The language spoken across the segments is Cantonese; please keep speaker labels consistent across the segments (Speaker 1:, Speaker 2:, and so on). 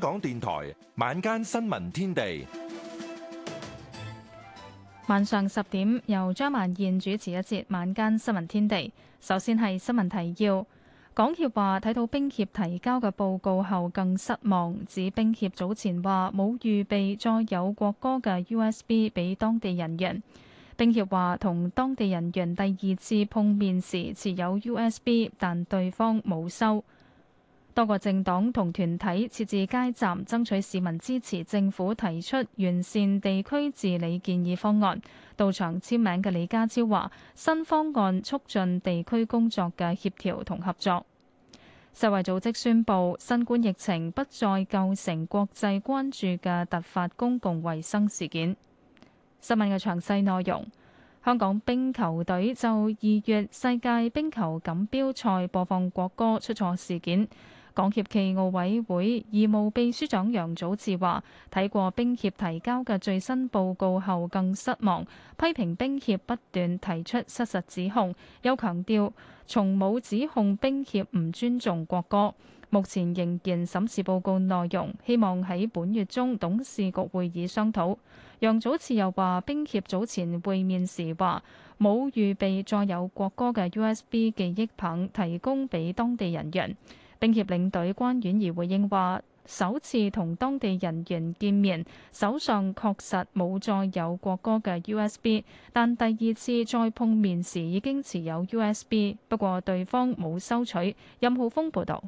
Speaker 1: 港電台晚間新聞天地，
Speaker 2: 晚上十點由張曼燕主持一節晚間新聞天地。首先係新聞提要：港協話睇到冰協提交嘅報告後更失望，指冰協早前話冇預備再有國歌嘅 USB 俾當地人員。冰協話同當地人員第二次碰面時持有 USB，但對方冇收。多個政黨同團體設置街站，爭取市民支持政府提出完善地區治理建議方案。到場簽名嘅李家超話：新方案促進地區工作嘅協調同合作。世衛組織宣布，新冠疫情不再構成國際關注嘅突發公共衛生事件。新聞嘅詳細內容：香港冰球隊就二月世界冰球錦標賽播放國歌出錯事件。港協暨奧委會義務秘書長楊祖智話：睇過冰協提交嘅最新報告後，更失望，批評冰協不斷提出失實指控，又強調從冇指控冰協唔尊重國歌。目前仍然審視報告內容，希望喺本月中董事局會議商討。楊祖智又話：冰協早前會面時話冇預備載有國歌嘅 USB 記憶棒提供俾當地人員。冰協領隊關婉兒回應話，首次同當地人員見面，手上確實冇再有國歌嘅 USB，但第二次再碰面時已經持有 USB，不過對方冇收取。任浩峰報道。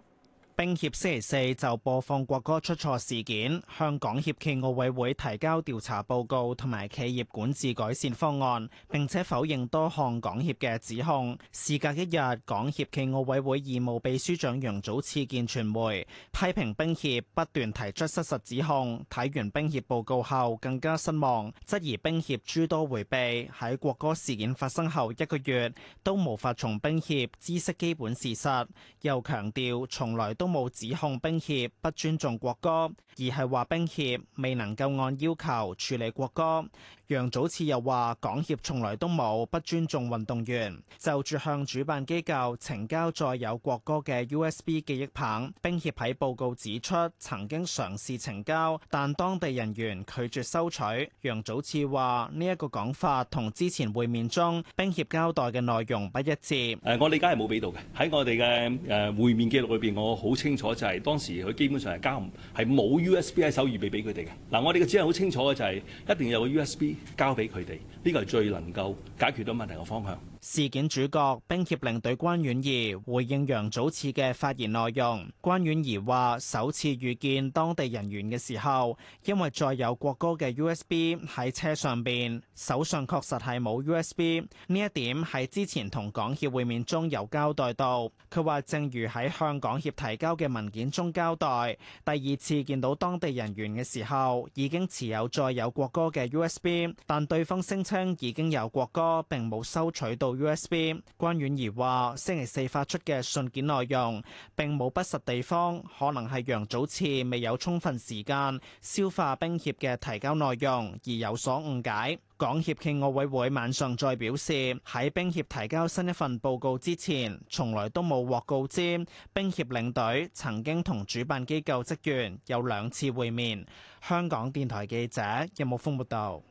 Speaker 3: 冰協星期四就播放國歌出錯事件，向港協暨奧委會提交調查報告同埋企業管治改善方案，並且否認多項港協嘅指控。事隔一日，港協暨奧委會義務秘書長楊祖次見傳媒，批評冰協不斷提出失實指控，睇完冰協報告後更加失望，質疑冰協諸多回避。喺國歌事件發生後一個月，都無法從冰協知識基本事實，又強調從來都都冇指控冰協不尊重國歌，而係話冰協未能夠按要求處理國歌。楊祖賜又話：港協從來都冇不尊重運動員，就住向主辦機構呈交載有國歌嘅 U S B 記憶棒。冰協喺報告指出，曾經嘗試呈交，但當地人員拒絕收取。楊祖賜話：呢一個講法同之前會面中冰協交代嘅內容不一致。誒，我理解
Speaker 4: 係冇俾到嘅。喺我哋嘅誒會面記錄裏邊，我好清楚就係當時佢基本上係交唔係冇 U S B 喺手預備俾佢哋嘅。嗱，我哋嘅資料好清楚嘅就係一定要有個 U S B。交
Speaker 3: 俾佢哋，呢、這個係最能夠解決到問題嘅方向。事件主角冰協領隊關婉儀回應楊祖賜嘅發言內容。關婉儀話首次遇見當地人員嘅時候，因為載有國歌嘅 USB 喺車上邊手上確實係冇 USB 呢一點喺之前同港協會面中有交代到。佢話正如喺向港協提交嘅文件中交代，第二次見到當地人員嘅時候，已經持有載有國歌嘅 USB，但對方聲稱已經有國歌並冇收取到。U.S.B. 關婉儀話，星期四發出嘅信件內容並冇不實地方，可能係楊祖慈未有充分時間消化冰協嘅提交內容而有所誤解。港協暨奧委會晚上再表示，喺冰協提交新一份報告之前，從來都冇獲告知冰協領隊曾經同主辦機構職員有兩次會面。香港電台記者任木風報道。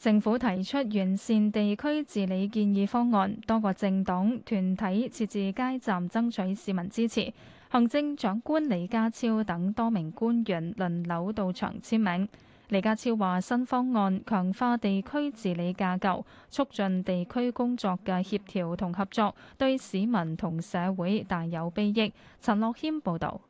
Speaker 2: 政府提出完善地區治理建議方案，多個政黨團體設置街站爭取市民支持。行政長官李家超等多名官員輪流到場簽名。李家超話：新方案強化地區治理架構，促進地區工作嘅協調同合作，對市民同社會大有裨益。陳樂軒報導。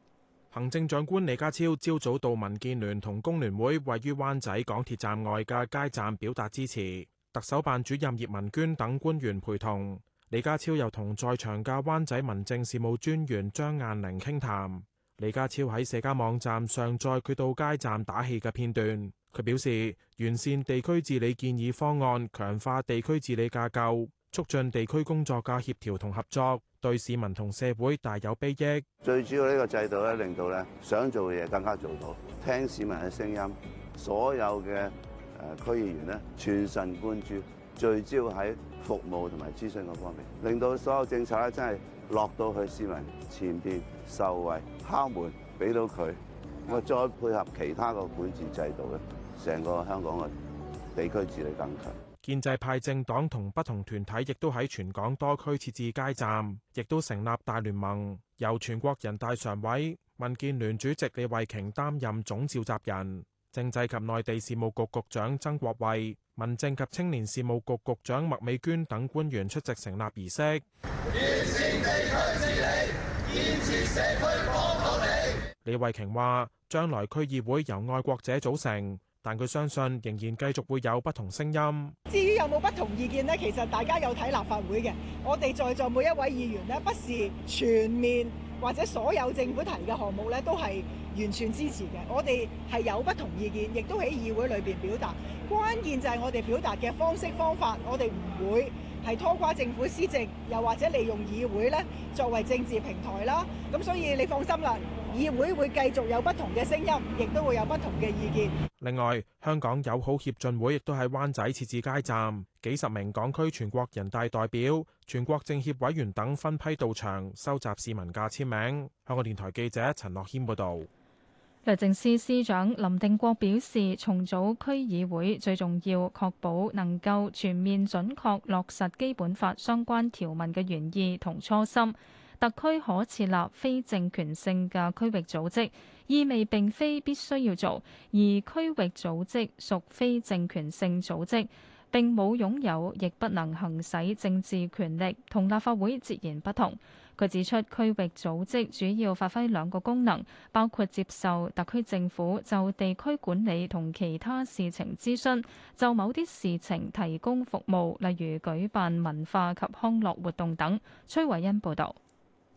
Speaker 5: 行政長官李家超朝早到民建聯同工聯會位於灣仔港鐵站外嘅街站表達支持，特首辦主任葉文娟等官員陪同。李家超又同在場嘅灣仔民政事務專員張雁玲傾談。李家超喺社交網站上載佢到街站打氣嘅片段，佢表示，完善地區治理建議方案，強化地區治理架構。促進地區工作嘅協調同合作，對市民同社會大有裨益。
Speaker 6: 最主要呢個制度咧，令到咧想做嘅嘢，更加做到，聽市民嘅聲音。所有嘅誒區議員咧全神貫注，聚焦喺服務同埋諮詢嗰方面，令到所有政策咧真係落到去市民前邊受惠，敲門俾到佢。我再配合其他嘅管治制度咧，成個香港嘅地區治理
Speaker 5: 更強。建制派政黨同不同團體亦都喺全港多區設置街站，亦都成立大聯盟，由全國人大常委、民建聯主席李慧瓊擔任總召集人，政制及內地事務局局，局長曾國衛、民政及青年事務局局，局長麥美娟等官員出席成立儀式。完善地區治理，建設社區共同體。李慧瓊話，將來區議會由愛國者組成。但佢相信仍然繼續會有不同聲音。
Speaker 1: 至於有冇不同意見呢，其實大家有睇立法會嘅，我哋在座每一位議員呢，不是全面或者所有政府提嘅項目呢，都係完全支持嘅。我哋係有不同意見，亦都喺議會裏邊表達，關鍵就係我哋表達嘅方式方法，我哋唔會。係拖垮政府施政，又或者利用議會咧作為政治平台啦。咁所以你放心啦，議會會繼續有不同嘅聲音，亦都會有不同嘅意見。
Speaker 5: 另外，香港友好協進會亦都喺灣仔設置街站，幾十名港區全國人大代表、全國政協委員等分批到場收集市民嘅簽名。香港電台記者陳樂軒報導。
Speaker 2: 律政司司長林定國表示，重組區議會最重要，確保能夠全面準確落實基本法相關條文嘅原意同初心。特區可設立非政權性嘅區域組織，意味並非必須要做，而區域組織屬非政權性組織，並冇擁有亦不能行使政治權力，同立法會截然不同。佢指出，區域組織主要發揮兩個功能，包括接受特區政府就地區管理同其他事情諮詢，就某啲事情提供服務，例如舉辦文化及康樂活動等。崔偉恩報導，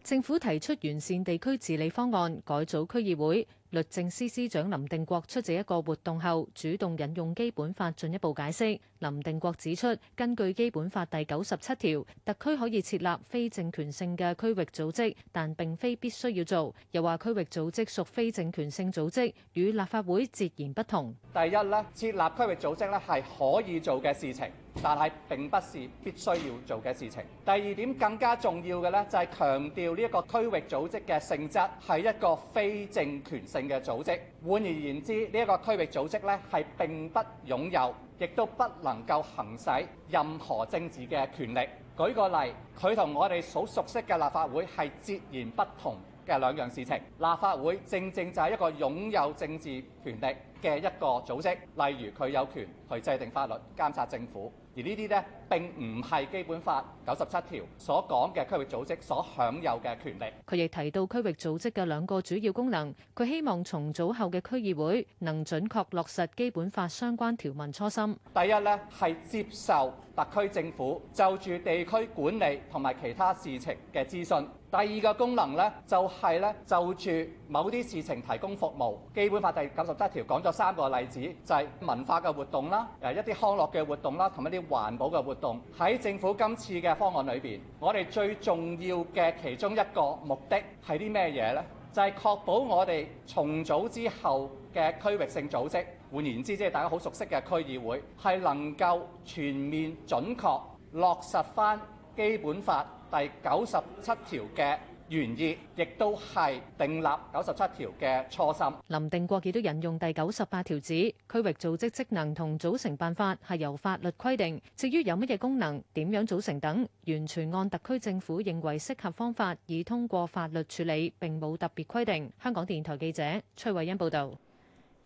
Speaker 2: 政府提出完善地區治理方案，改組區議會。律
Speaker 7: 政司司長林定國出席一個活動後，主動引用基本法進一步解釋。林定國指出，根據基本法第九十七條，特區可以設立非政權性嘅區域組織，但並非必須要做。又話區域組織屬非政權性組織，與立法會截然不同。
Speaker 4: 第一呢，設立區域組織呢係可以做嘅事情，但係並不是必須要做嘅事情。第二點更加重要嘅呢，就係強調呢一個區域組織嘅性質係一個非政權性。嘅組織，換而言之，呢一個區域組織咧，係並不擁有，亦都不能夠行使任何政治嘅權力。舉個例，佢同我哋所熟悉嘅立法會係截然不同嘅兩樣事情。立法會正正就係一個擁有政治權力。嘅一個組織，例如佢有權去制定法律、監察政府，而呢啲咧並唔係基本法九十七條所講嘅區域組織所享有嘅權力。
Speaker 7: 佢亦提到區域組織嘅兩個主要功能，佢希望重組後嘅區議會能準確落實基本法相關條文初心。
Speaker 4: 第一咧係接受特區政府就住地區管理同埋其他事情嘅諮詢；第二個功能咧就係咧就住某啲事情提供服務。基本法第九十七條講咗。三個例子就係、是、文化嘅活動啦，誒一啲康樂嘅活動啦，同一啲環保嘅活動。喺政府今次嘅方案裏邊，我哋最重要嘅其中一個目的係啲咩嘢呢？就係、是、確保我哋重組之後嘅區域性組織，換言之，即、就、係、是、大家好熟悉嘅區議會，係能夠全面準確落實翻《基本法》第九十七條嘅。原意亦都係訂立九十七條嘅初心。林
Speaker 7: 定國亦都引用第九十八條指，區域組織職能同組成辦法係由法律規定，至於有乜嘢功能、點樣組成等，完全按特區政府認為適合方法，以通過法律處理，並冇特別規定。香港電台記者崔慧欣報
Speaker 2: 道。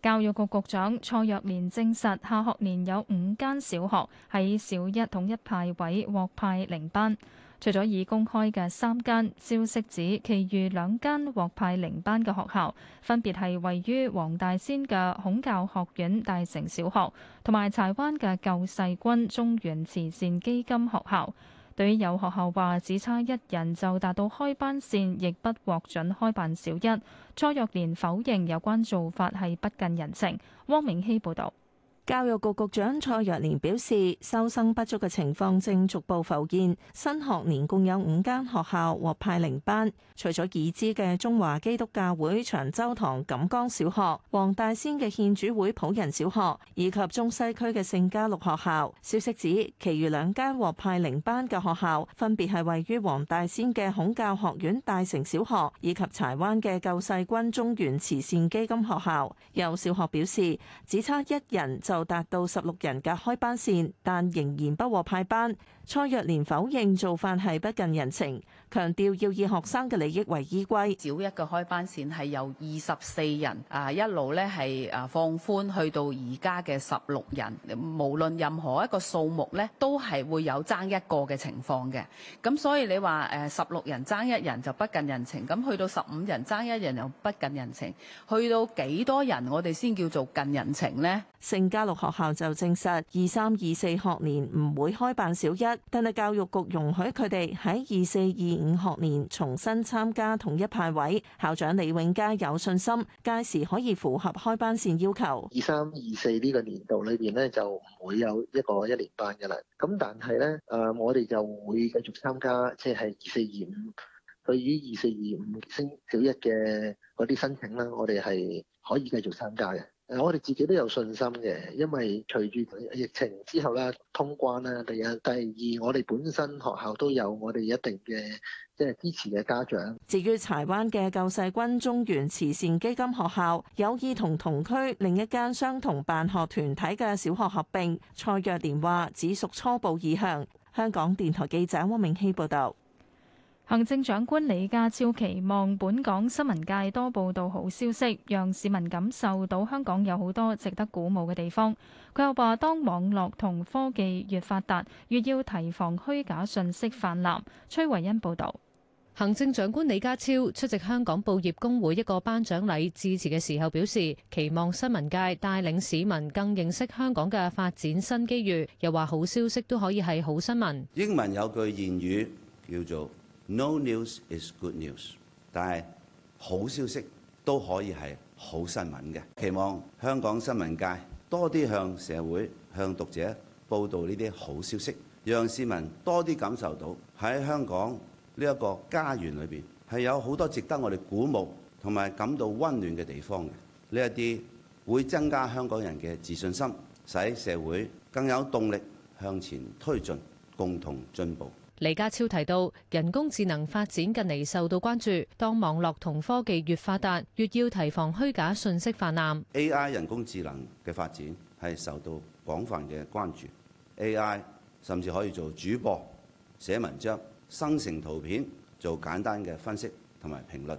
Speaker 2: 教育局局長蔡若蓮證實，下學年有五間小學喺小一統一派位獲派零班。除咗已公開嘅三間，消息指，其餘兩間獲派零班嘅學校，分別係位於黃大仙嘅孔教學院大成小學，同埋柴灣嘅救世軍中原慈善基金學校。對於有學校話只差一人就達到開班線，亦不獲准開辦小一，蔡若蓮否認有關做法係不近人情。汪明希報導。教育局局長蔡若蓮表示，
Speaker 8: 收生不足嘅情況正逐步浮現。新學年共有五間學校獲派零班，除咗已知嘅中華基督教會長洲堂錦江小學、黃大仙嘅獻主會普仁小學以及中西區嘅聖嘉祿學校，消息指其餘兩間獲派零班嘅學校，分別係位於黃大仙嘅孔教學院大成小學以及柴灣嘅救世軍中原慈善基金學校。有小學表示，只差一人就達到十六人嘅開班線，但仍然不獲派班。蔡若蓮否認做法係不近人情。強調要以學生嘅利益為依歸。小一嘅開班線係由二十四人啊，一路咧，係啊放寬去到而家嘅十六人，無論任何一個數目咧，都係會有爭一個嘅情況嘅。咁所以你話誒十六人爭一人就不近人情，咁去到十五人爭一人又不近人情，去到幾多人我哋先叫做近人情咧？聖加祿學校就證實二三二四學年唔會開辦小一，但係教育局容許佢哋喺二四二。五學年重新參加統一派位，校長李永嘉有信心，屆時可以符合開班線要求。二三、二四呢個年度裏邊咧就唔會有一個一年班嘅啦，咁但係咧誒，我哋就會繼續參加，即係二四二五。
Speaker 9: 對於二四二五升小一嘅嗰啲申請啦，我哋係可以繼續參加嘅。誒，我哋自己都有信心嘅，因為隨住疫情之後咧，通關啦，第啊第二，我哋本身學校都有我哋一定嘅，即係支持嘅家長。
Speaker 8: 至於柴灣嘅救世軍中原慈善基金學校有意同同區另一間相同辦學團體嘅小學合併，蔡若蓮話只屬初步意向。香港電台記者汪明希報道。
Speaker 2: 行政長官李家超期望本港新聞界多報道好消息，讓市民感受到香港有好多值得鼓舞嘅地方。佢又話：當網絡同科技越發達，越要提防虛假信息泛濫。崔維恩報導，
Speaker 7: 行政長官李家超出席香港報業公會一個頒獎禮致辭嘅時候表示，期望新聞界帶領市民更認識香港嘅發展新機遇。又話好消息都可以係好新聞。
Speaker 6: 英文有句諺語叫做，No news is good news，但係好消息都可以係好新聞嘅。期望香港新聞界多啲向社會、向讀者報導呢啲好消息，讓市民多啲感受到喺香港呢一個家園裏邊係有好多值得我哋鼓舞同埋感到溫暖嘅地方嘅。呢一啲會增加香港人嘅自信心，使社會更有動力向前推進，共同進步。
Speaker 7: 李家超提到，人工智能發展近嚟，受到關注。當網絡同科技越發達，越要提防虛假信息氾濫。
Speaker 6: AI 人工智能嘅發展係受到廣泛嘅關注。AI 甚至可以做主播、寫文章、生成圖片、做簡單嘅分析同埋評論，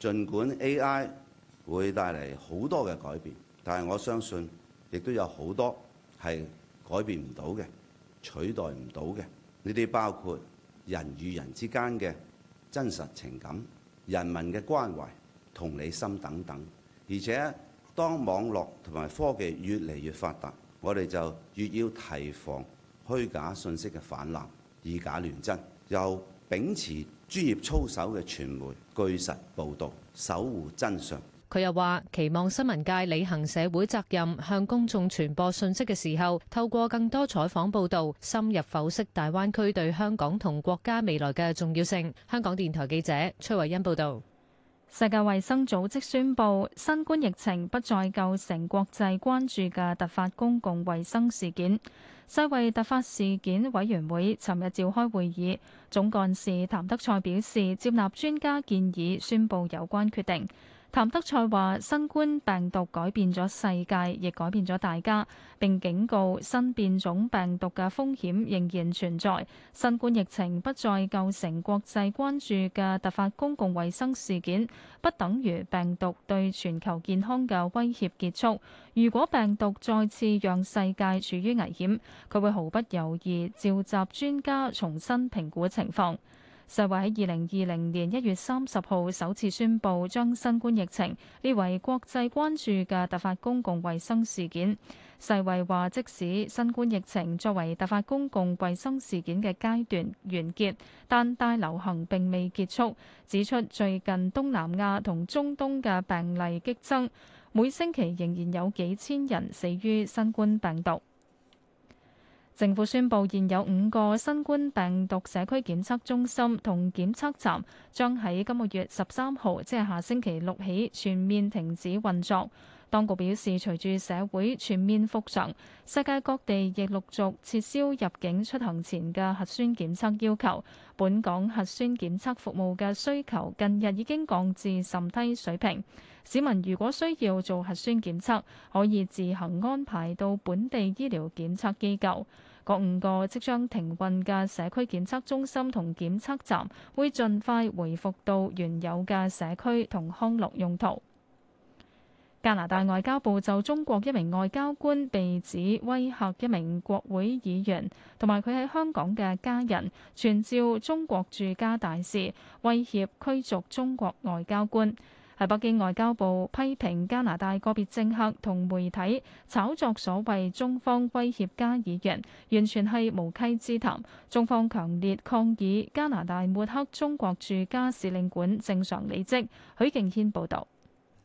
Speaker 6: 儘管 AI 會帶嚟好多嘅改變，但係我相信亦都有好多係改變唔到嘅、取代唔到嘅。你哋包括人與人之間嘅真實情感、人民嘅關懷、同理心等等，而且當網絡同埋科技越嚟越發達，我哋就越要提防虛假信息嘅氾濫，以假亂真，由秉持專業操守嘅傳媒，據實報導，守護真相。
Speaker 7: 佢又話：期望新聞界履行社會責任，向公眾傳播信息嘅時候，透過更多採訪報導，深入剖析大灣區對香港同國家未來嘅重要性。香港電
Speaker 2: 台記者崔慧欣報道。世界衛生組織宣布，新冠疫情不再構成國際關注嘅突發公共衛生事件。世衛突發事件委員會尋日召開會議，總幹事譚德塞表示，接納專家建議，宣布有關決定。譚德賽話：新冠病毒改變咗世界，亦改變咗大家，並警告新變種病毒嘅風險仍然存在。新冠疫情不再構成國際關注嘅突發公共衛生事件，不等於病毒對全球健康嘅威脅結束。如果病毒再次讓世界處於危險，佢會毫不猶豫召集專家重新評估情況。世衛喺二零二零年一月三十號首次宣布將新冠疫情列為國際關注嘅突發公共衛生事件。世衛話，即使新冠疫情作為突發公共衛生事件嘅階段完結，但大流行並未結束。指出最近東南亞同中東嘅病例激增，每星期仍然有幾千人死於新冠病毒。政府宣布，現有五個新冠病毒社區檢測中心同檢測站將喺今個月十三號，即係下星期六起全面停止運作。當局表示，隨住社會全面復常，世界各地亦陸續撤銷入境出行前嘅核酸檢測要求。本港核酸檢測服務嘅需求近日已經降至甚低水平。市民如果需要做核酸檢測，可以自行安排到本地醫療檢測機構。各五個即將停運嘅社區檢測中心同檢測站會盡快回復到原有嘅社區同康樂用途。加拿大外交部就中國一名外交官被指威嚇一名國會議員，同埋佢喺香港嘅家人，傳召中國駐加大使，威脅驅逐中國外交官。喺北京外交部，批評加拿大個別政客同媒體炒作所謂中方威脅加議員完全係無稽之談，中方強烈抗議加拿大抹黑中國駐加使領館正常理職。許敬軒報道。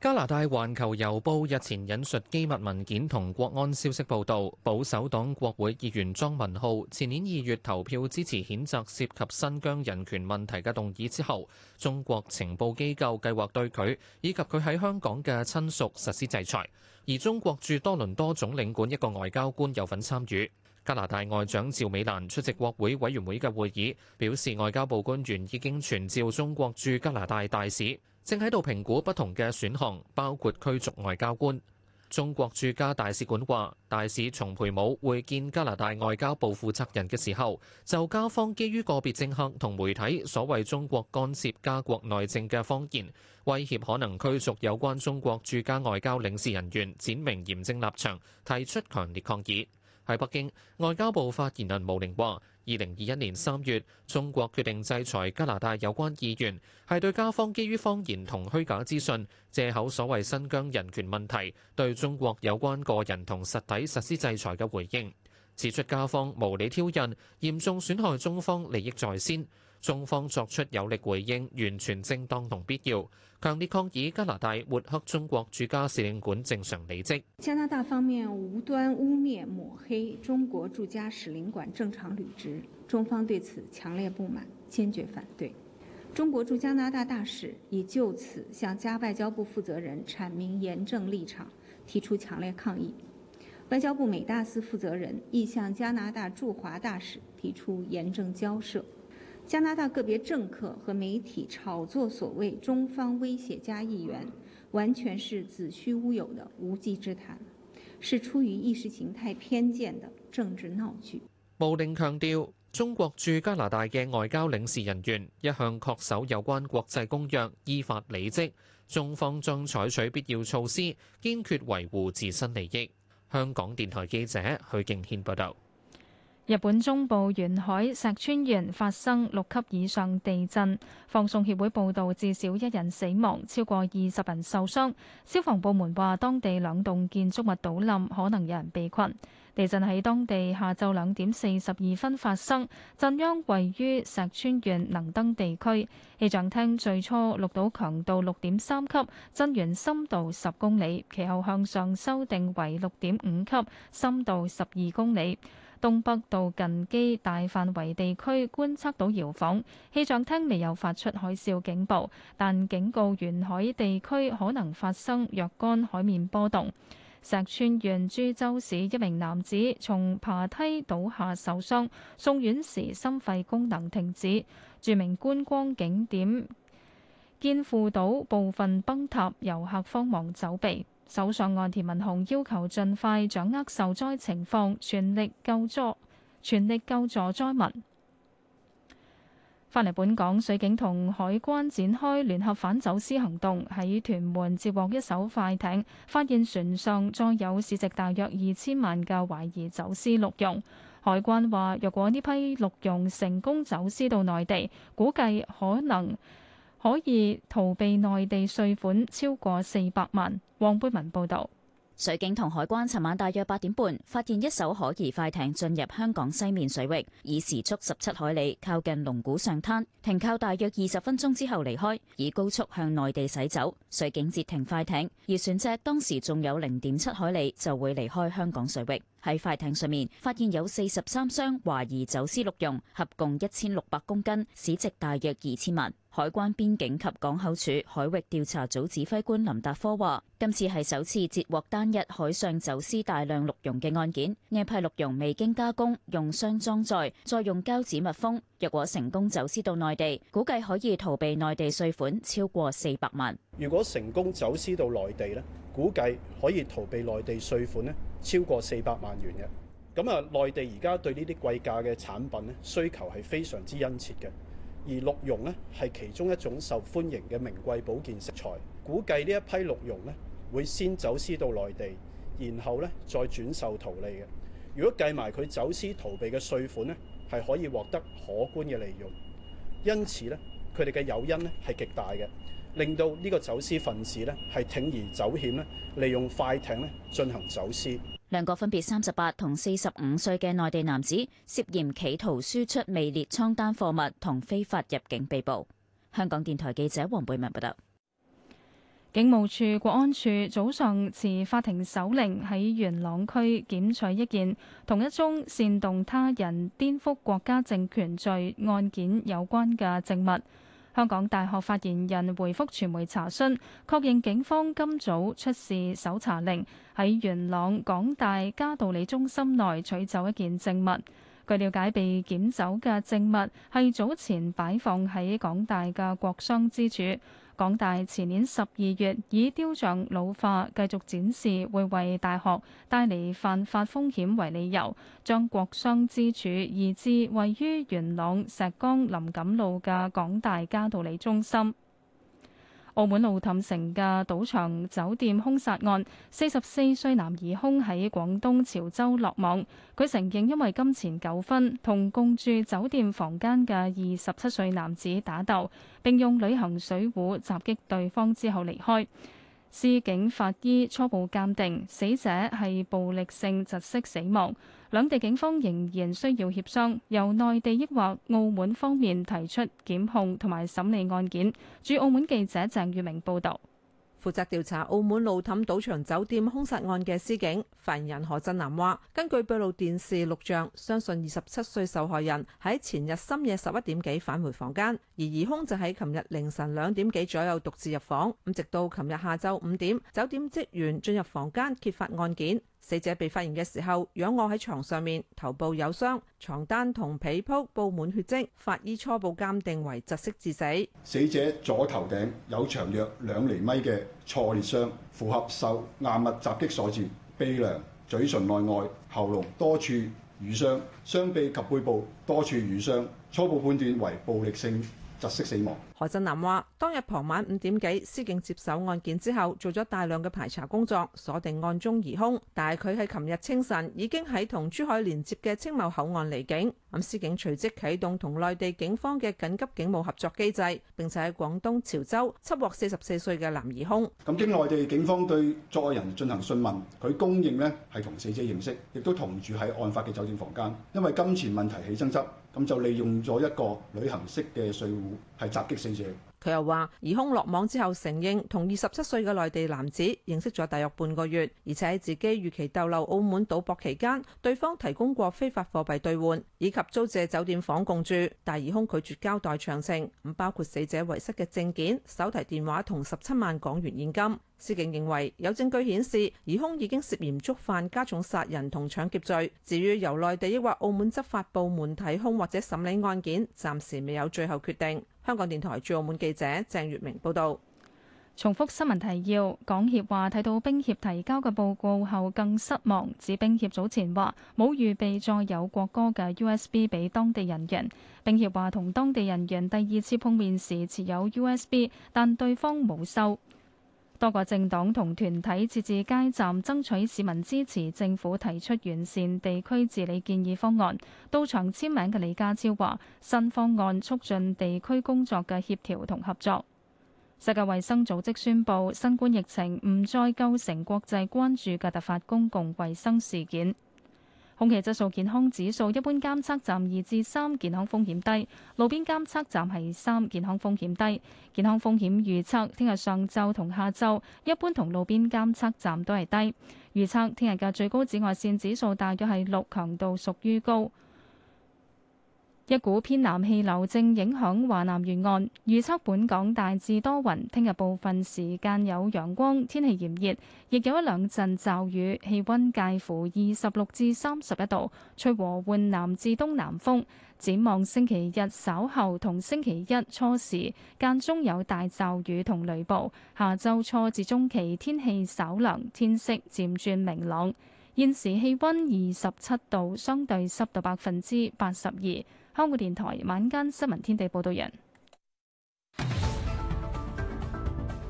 Speaker 9: 加拿大《環球郵報》日前引述機密文件同國安消息報道，保守黨國會議員莊文浩前年二月投票支持譴責涉及新疆人權問題嘅動議之後，中國情報機構計劃對佢以及佢喺香港嘅親屬實施制裁，而中國駐多倫多總領館一個外交官有份參與。加拿大外長趙美蘭出席國會委員會嘅會議，表示外交部官員已經傳召中國駐加拿大大使。正喺度評估不同嘅選項，包括驅逐外交官。中國駐加大使館話，大使叢培武會見加拿大外交部負責人嘅時候，就加方基於個別政客同媒體所謂中國干涉加國內政嘅謊言，威脅可能驅逐有關中國駐加外交領事人員，展明嚴正立場，提出強烈抗議。喺北京，外交部發言人毛寧話。二零二一年三月，中國決定制裁加拿大有關議員，係對加方基於謊言同虛假資訊，藉口所謂新疆人權問題，對中國有關個人同實體實施制裁嘅回應，指出加方無理挑釁，嚴重損害中方利益在先。中方作出有力回應，完全正當同必要，強烈抗議加拿大抹黑中國駐加使領館正常履職。
Speaker 2: 加拿大方面無端污衊抹黑中國駐加使領館正常履職，中方對此強烈不滿，堅決反對。中國駐加拿大大使已就此向加外交部負責人闡明嚴正立場，提出強烈抗議。外交部美大司負責人亦向加拿大駐
Speaker 10: 華大使提出嚴正交涉。加拿大個別政客和媒體炒作所謂中方威脅加議員，完全是子虛烏有的
Speaker 2: 無稽之談，是出於意識形態偏見的政治鬧劇。
Speaker 9: 毛寧強調，中國駐加拿大嘅外交領事人員一向恪守有關國際公約，依法履職。中方將採取必要措施，堅決維護自身利益。香港電台記者許敬軒報道。
Speaker 2: 日本中部沿海石川縣發生六級以上地震，放送協會報道至少一人死亡，超過二十人受傷，消防部門話當地兩棟建築物倒冧，可能有人被困。地震喺當地下晝兩點四十二分發生，震央位於石川縣能登地區。氣象廳最初錄到強度六點三級，震源深度十公里，其後向上修訂為六點五級，深度十二公里。東北到近畿大範圍地區觀測到搖晃，氣象廳未有發出海嘯警報，但警告沿海地區可能發生若干海面波動。石川縣珠洲市一名男子從爬梯倒下受傷，送院時心肺功能停止。著名觀光景點見附島部分崩塌，遊客慌忙走避。首相岸田文雄要求盡快掌握受災情況，全力救助、全力救助災民。翻嚟本港，水警同海關展開聯合反走私行動，喺屯門截獲一艘快艇，發現船上載有市值大約二千萬嘅懷疑走私鹿茸。海關話，若果呢批鹿茸成功走私到內地，估計可能。
Speaker 11: 可以逃避內地稅款超過四百萬。黃貝文報導，水警同海關尋晚大約八點半發現一艘可疑快艇進入香港西面水域，以時速十七海里靠近龍鼓上灘，停靠大約二十分鐘之後離開，以高速向內地駛走。水警截停快艇，而船隻當時仲有零點七海里就會離開香港水域。喺快艇上面發現有四十三箱懷疑走私鹿茸，合共一千六百公斤，市值大約二千萬。海關邊境及港口署海域調查組指揮官林達科話：今次係首次截獲單一海上走私大量鹿茸嘅案件。呢批鹿茸未經加工，用箱裝載，再用膠紙密封。若果成功走私到內地，估計可以逃避內地稅款超過四百萬。
Speaker 12: 如果成功走私到內地呢，估計可以逃避內地稅款呢，超過四百萬元嘅，咁、嗯、啊，內地而家對呢啲貴價嘅產品咧，需求係非常之殷切嘅。而鹿茸咧，係其中一種受歡迎嘅名貴保健食材。估計呢一批鹿茸咧，會先走私到內地，然後咧，再轉售圖利嘅。如果計埋佢走私逃避嘅稅款咧，係可以獲得可觀嘅利潤。因此咧，佢哋嘅誘因
Speaker 4: 咧係極大嘅。令到呢個走私分子呢係鋌而走險，呢利用快
Speaker 11: 艇呢進行走私。兩個分別三十八同四十五歲嘅內地男子涉嫌企圖輸出未列倉單貨物同非法入境被捕。香港電台記者黃貝文報道。警務處國安處早上持
Speaker 2: 法庭手令喺元朗區檢取一件同一宗煽動他人顛覆國家政權罪案件有關嘅證物。香港大學發言人回覆傳媒查詢，確認警方今早出示搜查令，喺元朗港大嘉道理中心內取走一件證物。據了解，被檢走嘅證物係早前擺放喺港大嘅國殤之柱。港大前年十二月以雕像老化、繼續展示會為大學帶嚟犯法風險為理由，將國殤之柱移至位於元朗石崗林錦路嘅港大嘉道理中心。澳門路氹城嘅賭場酒店凶殺案，四十四歲男兒凶喺廣東潮州落網。佢承認因爲金錢糾紛，同共住酒店房間嘅二十七歲男子打鬥，並用旅行水壺襲擊對方之後離開。司警法醫初步鑑定，死者係暴力性窒息死亡。兩地警方仍然需要協商，由內地抑或澳門方面提出檢控同埋審理案件。駐澳門記者鄭月明報道。負責調查澳門路氹賭場酒店
Speaker 13: 凶殺案嘅司警發言人何振南話，根據閉路電視錄像，相信二十七歲受害人喺前日深夜十一點幾返回房間，而疑凶就喺琴日凌晨兩點幾左右獨自入房，咁直到琴日下晝五點，酒店職員進入房間揭發案件。死者被發現嘅時候，仰卧喺床上面，頭部有傷，床單同被鋪布滿血跡。法醫初步鑑定為窒息致死。
Speaker 8: 死者
Speaker 4: 左頭頂有長約兩厘米嘅挫裂傷，符合受硬物襲擊所致。鼻梁、嘴唇內外、喉嚨多處瘀傷，雙臂及背部多處瘀傷，初步判斷為暴力性。窒息死亡。
Speaker 13: 何振南話：當日傍晚五點幾，司警接手案件之後，做咗大量嘅排查工作，鎖定案中疑兇。但係佢喺琴日清晨已經喺同珠海連接嘅青茂口岸離境。咁司警隨即啟動同內地警方嘅緊急警務合作機制，並且喺廣東潮州緝獲四十四歲嘅男疑兇。
Speaker 4: 咁經內地警方對作案人進行詢問，佢供認咧係同死者認識，亦都同住喺案發嘅酒店房間，因為金錢問題起爭執。咁就利用咗一個旅行社嘅稅戶，係襲擊死者。
Speaker 13: 佢又話：疑兇落網之後，承認同二十七歲嘅內地男子認識咗大約半個月，而且自己預期逗留澳門賭博期間，對方提供過非法貨幣兌換，以及租借酒店房共住。但疑兇拒絕交代詳情，咁包括死者遺失嘅證件、手提電話同十七萬港元現金。司警認為有證據顯示疑兇已經涉嫌觸犯加重殺人同搶劫罪。至於由內地抑或澳門執法部門提訊或者審理案件，暫時未有最後決定。香港電台駐澳門記者
Speaker 2: 鄭月明報道，重複新聞提要：港協話睇到冰協提交嘅報告後更失望，指冰協早前話冇預備載有國歌嘅 USB 俾當地人員。冰協話同當地人員第二次碰面時持有 USB，但對方冇收。多個政黨同團體設置街站爭取市民支持政府提出完善地區治理建議方案。到場簽名嘅李家超話：新方案促進地區工作嘅協調同合作。世界衛生組織宣布，新冠疫情唔再構成國際關注嘅突發公共衛生事件。空氣質素健康指數一般監測站二至三，健康風險低；路邊監測站係三，健康風險低。健康風險預測，聽日上晝同下晝一般同路邊監測站都係低。預測聽日嘅最高紫外線指數大約係六，強度屬於高。一股偏南氣流正影響華南沿岸，預測本港大致多雲，聽日部分時間有陽光，天氣炎熱，亦有一兩陣驟雨，氣温介乎二十六至三十一度，吹和緩南至東南風。展望星期日稍後同星期一初時，間中有大驟雨同雷暴，下週初至中期天氣稍涼，天色漸轉明朗。現時氣温二十七度，相對濕度百分之八十二。香港電台晚間新聞天地報道，人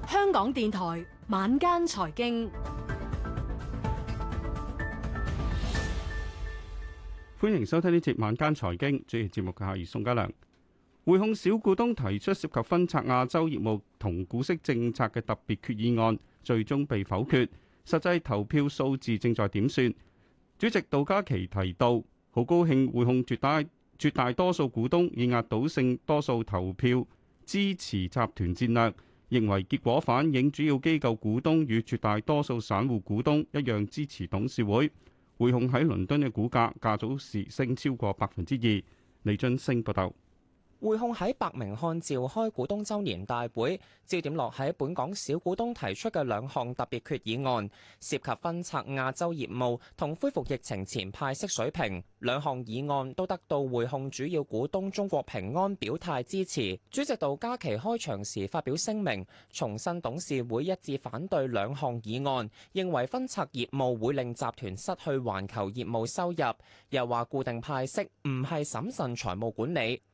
Speaker 2: 香港電台晚間財經，
Speaker 12: 歡迎收聽呢節晚間財經，主持節目嘅係宋嘉良。匯控小股東提出涉及分拆亞洲業務同股息政策嘅特別決議案，最終被否決。實際投票數字正在點算。主席杜嘉琪提到，好高興匯控絕大。」絕大多數股東以壓倒性多數投票支持集團戰略，認為結果反映主要機構股東與絕大多數散戶股東一樣支持董事會。匯控喺倫敦嘅股價較早時升超過百分之二。李俊升報導。
Speaker 1: 匯控喺伯明翰召開股東周年大會，焦點落喺本港小股東提出嘅兩項特別決議案，涉及分拆亞洲業務同恢復疫情前派息水平。兩項議案都得到匯控主要股東中國平安表態支持。主席杜嘉祺開場時發表聲明，重申董事會一致反對兩項議案，認為分拆業務會令集團失去環球業務收入，又話固定派息唔係審慎財務管理。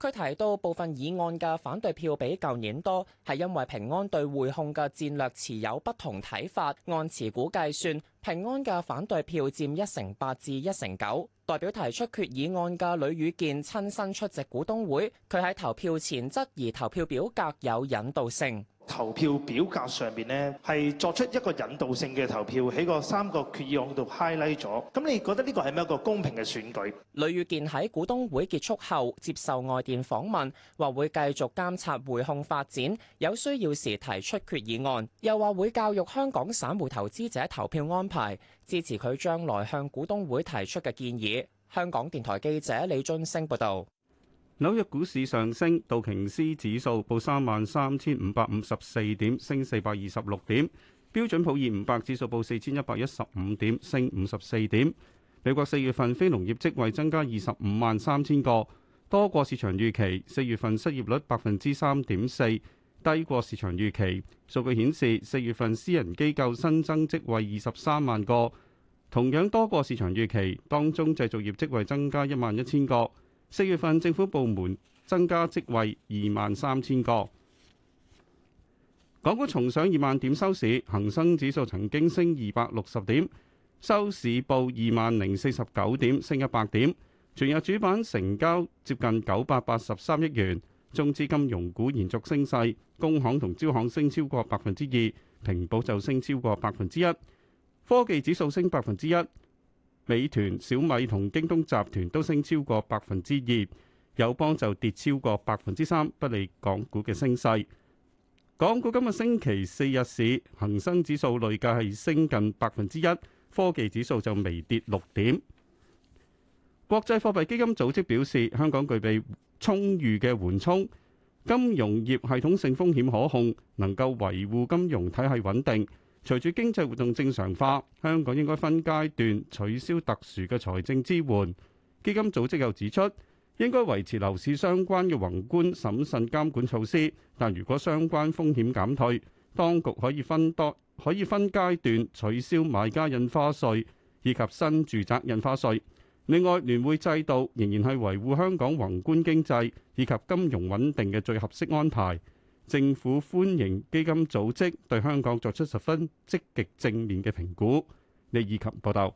Speaker 1: 佢提到部分議案嘅反對票比舊年多，係因為平安對匯控嘅戰略持有不同睇法。按持股計算，平安嘅反對票佔一成八至一成九。代表提出決議案嘅呂宇健親身出席股東會，佢喺投票前質疑投票表格格有引導性。投票表格上面呢，係作出一個引導性嘅投票，喺個三個決議案度 highlight 咗。咁你覺得呢個係咪一個公平嘅選舉？呂宇健喺股東會結束後接受外電訪問，話會繼續監察匯控發展，有需要時提出決議案，又話會教育香港散戶投資者投票安排，支持佢將來向股東會提出嘅建議，香港電台記者李津升報道。
Speaker 12: 紐約股市上升，道瓊斯指數報三萬三千五百五十四點升四百二十六點，標準普爾五百指數報四千一百一十五點升五十四點，美國四月份非農業職位增加二十五萬三千個多過市場預期。四月份失業率百分之三點四，低過市場預期。數據顯示，四月份私人機構新增職位二十三萬個，同樣多過市場預期。當中製造業職位增加一萬一千個。四月份，政府部門增加職位二萬三千個。港股重上二萬點收市，恒生指數曾經升二百六十點，收市報二萬零四十九點，升一百點。全日主板成交接近九百八十三億元，中資金融股延續升勢，工行同招行升超過百分之二，平保就升超過百分之一，科技指數升百分之一。美團、小米同京東集團都升超過百分之二，友邦就跌超過百分之三，不利港股嘅升勢。港股今日星期四日市，恒生指數累計係升近百分之一，科技指數就微跌六點。國際貨幣基金組織表示，香港具備充裕嘅緩衝，金融業系統性風險可控，能夠維護金融體系穩定。隨住經濟活動正常化，香港應該分階段取消特殊嘅財政支援。基金組織又指出，應該維持樓市相關嘅宏觀審慎監管措施。但如果相關風險減退，當局可以分多可以分階段取消買家印花稅以及新住宅印花稅。另外，聯會制度仍然係維護香港宏觀經濟以及金融穩定嘅最合適安排。政府歡迎基金組織對香港作出十分積極正面嘅評估。李以琴報道，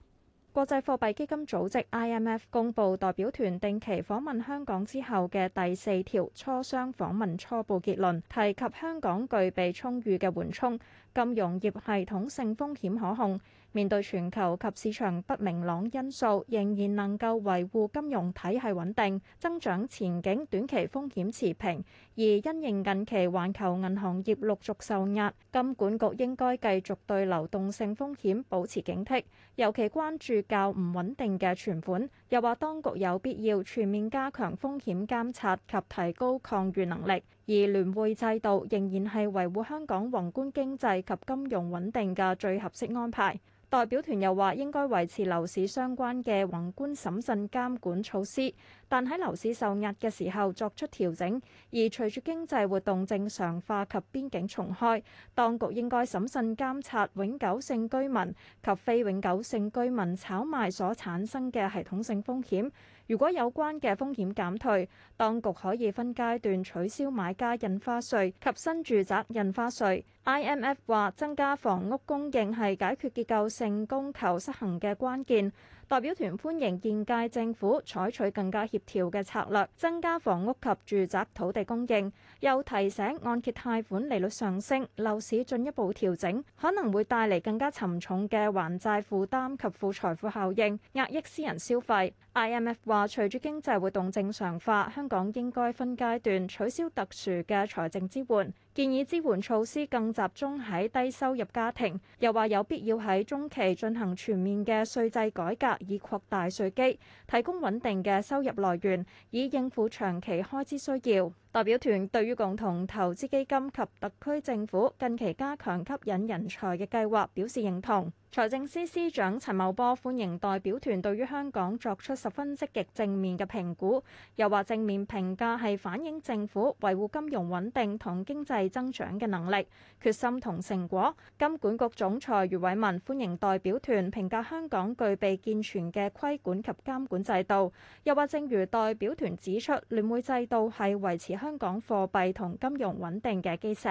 Speaker 10: 國際貨幣基金組織 IMF 公佈代表團定期訪問香港之後嘅第四條磋商訪問初步結論，提及香港具備充裕嘅緩衝。金融業系統性風險可控，面對全球及市場不明朗因素，仍然能夠維護金融體系穩定，增長前景短期風險持平。而因應近期環球銀行業陸續受壓，金管局應該繼續對流動性風險保持警惕，尤其關注較唔穩定嘅存款。又話當局有必要全面加強風險監察及提高抗禦能力，而聯匯制度仍然係維護香港宏觀經濟及金融穩定嘅最合適安排。代表團又話應該維持樓市相關嘅宏觀審慎監管措施，但喺樓市受壓嘅時候作出調整。而隨住經濟活動正常化及邊境重開，當局應該審慎監察永久性居民及非永久性居民炒賣所產生嘅系統性風險。如果有關嘅風險減退，當局可以分階段取消買家印花稅及新住宅印花稅。IMF 話，增加房屋供應係解決結構性供求失衡嘅關鍵。代表團歡迎現屆政府採取更加協調嘅策略，增加房屋及住宅土地供應，又提醒按揭貸款利率上升、樓市進一步調整，可能會帶嚟更加沉重嘅還債負擔及負財富效應，壓抑私人消費。IMF 話，隨住經濟活動正常化，香港應該分階段取消特殊嘅財政支援。建議支援措施更集中喺低收入家庭，又話有必要喺中期進行全面嘅稅制改革，以擴大稅基，提供穩定嘅收入來源，以應付長期開支需要。代表團對於共同投資基金及特區政府近期加強吸引人才嘅計劃表示認同。財政司司長陳茂波歡迎代表團對於香港作出十分積極正面嘅評估，又話正面評價係反映政府維護金融穩定同經濟增長嘅能力、決心同成果。金管局總裁余偉文歡迎代表團評價香港具備健全嘅規管及監管制度，又話正如代表團指出，聯匯制度係維持香香港貨幣同金融穩定嘅基石。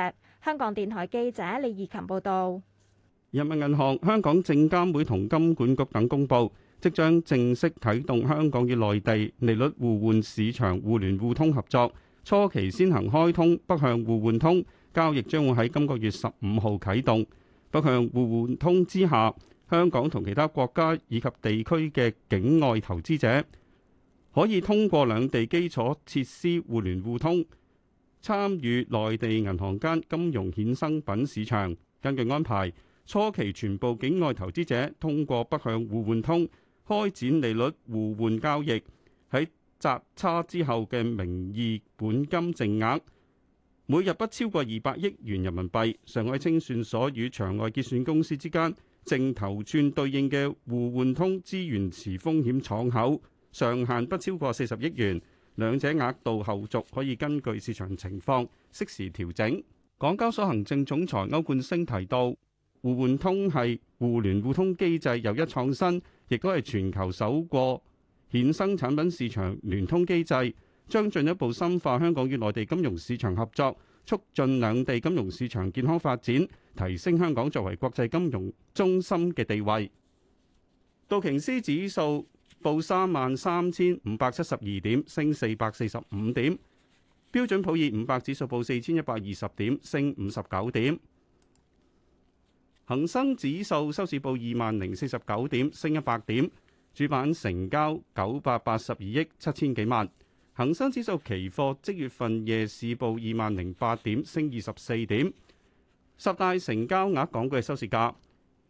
Speaker 10: 香港電台記者李怡琴報道，
Speaker 12: 人民銀行、香港證監會同金管局等公佈，即將正式啟動香港與內地利率互換市場互聯互通合作，初期先行開通北向互換通交易，將會喺今個月十五號啟動。北向互換通之下，香港同其他國家以及地區嘅境外投資者。可以通過兩地基礎設施互聯互通，參與內地銀行間金融衍生品市場。根據安排，初期全部境外投資者通過北向互換通開展利率互換交易，喺軋差之後嘅名義本金淨額，每日不超過二百億元人民幣。上海清算所與場外結算公司之間淨頭寸對應嘅互換通資源池風險敞口。上限不超過四十億元，兩者額度後續可以根據市場情況適時調整。港交所行政總裁歐冠升提到，互換通係互聯互通機制又一創新，亦都係全球首個衍生產品市場聯通機制，將進一步深化香港與內地金融市場合作，促進兩地金融市場健康發展，提升香港作為國際金融中心嘅地位。道瓊斯指數，報三萬三千五百七十二點，升四百四十五點。標準普爾五百指數報四千一百二十點，升五十九點。恒生指數收市報二萬零四十九點，升一百點。主板成交九百八十二億七千幾萬。恒生指數期貨即月份夜市報二萬零八點，升二十四點。十大成交額港股嘅收市價，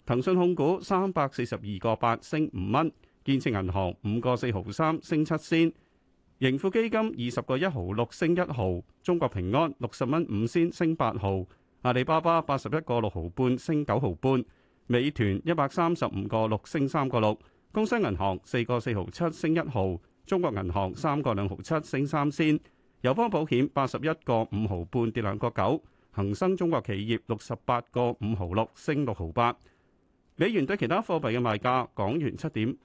Speaker 12: 騰訊控股三百四十二個八，升五蚊。建設銀行五個四毫三升七仙，盈富基金二十個一毫六升一毫，中國平安六十蚊五仙升八毫，阿里巴巴八十一個六毫半升九毫半，美團一百三十五個六升三個六，工商銀行四個四毫七升一毫，中國銀行三個兩毫七升三仙，友邦保險八十一個五毫半跌兩個九，恒生中國企業六十八個五毫六升六毫八，美元兌其他貨幣嘅賣價，港元七點。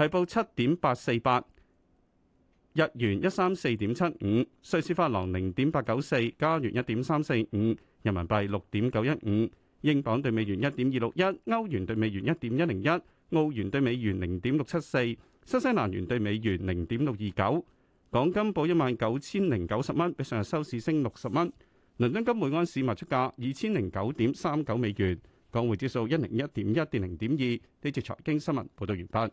Speaker 12: 係報七點八四八日元，一三四點七五瑞士法郎零點八九四，加元一點三四五，人民幣六點九一五，英鎊兌美元一點二六一，歐元兌美元一點一零一，澳元兌美元零點六七四，新西蘭元兌美元零點六二九。港金報一萬九千零九十蚊，比上日收市升六十蚊。倫敦金每安士賣出價二千零九點三九美元，港匯指數一零一點一跌零點二。呢節財經新聞報道完畢。